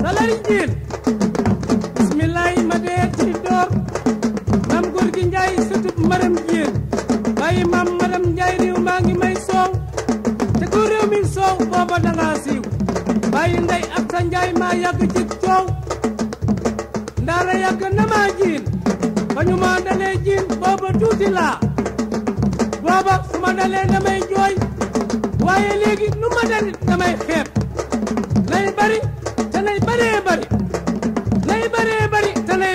salari njiin bismillaay ma dee ci door maam góor gi njaay sëtub maram njiin bàyyi maam maram njaay réew maa ngi may soow te ko réew mi soow booba danga siiw bàyyi ndey ak sa njaay maa yàgg ci coow ndaara yàgg na maa jiin ba ñu dalee jiin booba tuuti laa booba ma dalee damay jooy waaye léegi nu ma dalit damay xeeb bëree bëri lay bëree bëri te lay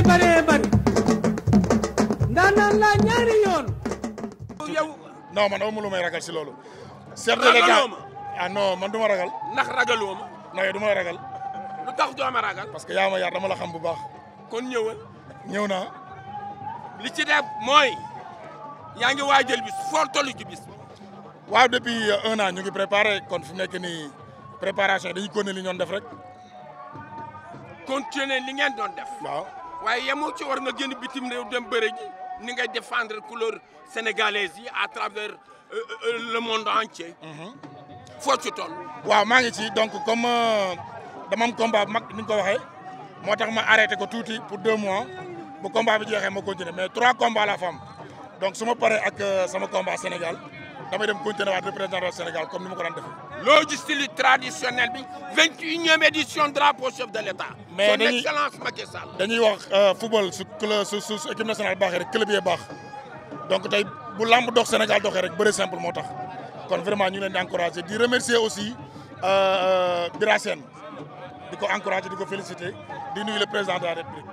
man amuma lu ragal si loolu chef de l'état ah man du ma ragal ndax ragaloo ma non yow ragal parce que yaa ma xam bu baax kon ñëwal ñëw naa li ci def mooy yaa ngi waajal bis foo toll ci bis depuis euh, un an ñu ngi préparé kon fu nekk nii préparation dañu continuer li ñoon def rek continuer ni ngeen doon def. waaw waaye yemoo ci war nga génn bitim réew dem bëre ji ni nga défendre couleur sénégalaise yi à travers euh, euh, le monde entier. Mhm. foo ci toll. waaw maa ngi ci donc comme euh, dama am combat bu mag ni nga ko waxee moo tax ma arrêté ko tuuti pour deux mois bu combat bi jeexee ma continuer mais trois combats la femme donc su ma paree ak sama combat Sénégal damay dem continuer waat du Sénégal comme nous ma ko daan defee. loo traditionnel bi 21e édition drapeau chef de l'État, état. mais son excellence Macky Sall. dañuy wax euh, football su club sous, su équipe nationale baaxee rek club yee bon. donc tey bu lamb dox Sénégal c'est rek simple moo kon vraiment ñu leen di encouragé di remercier aussi euh, euh Sène di ko encouragé le ko félicité di le président de la République.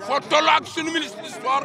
foo toll le sunu ministre du sport.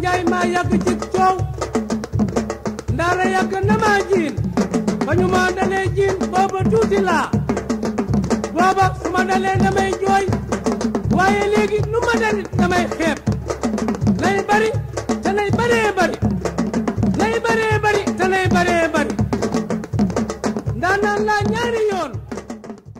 njaay maa yàgg ci coow ndaara yàgg na maa jiin ba ñu ma dalee jiin booba tuuti laa booba su ma dalee damay jooy waaye léegi nu ma dalit damay xeeb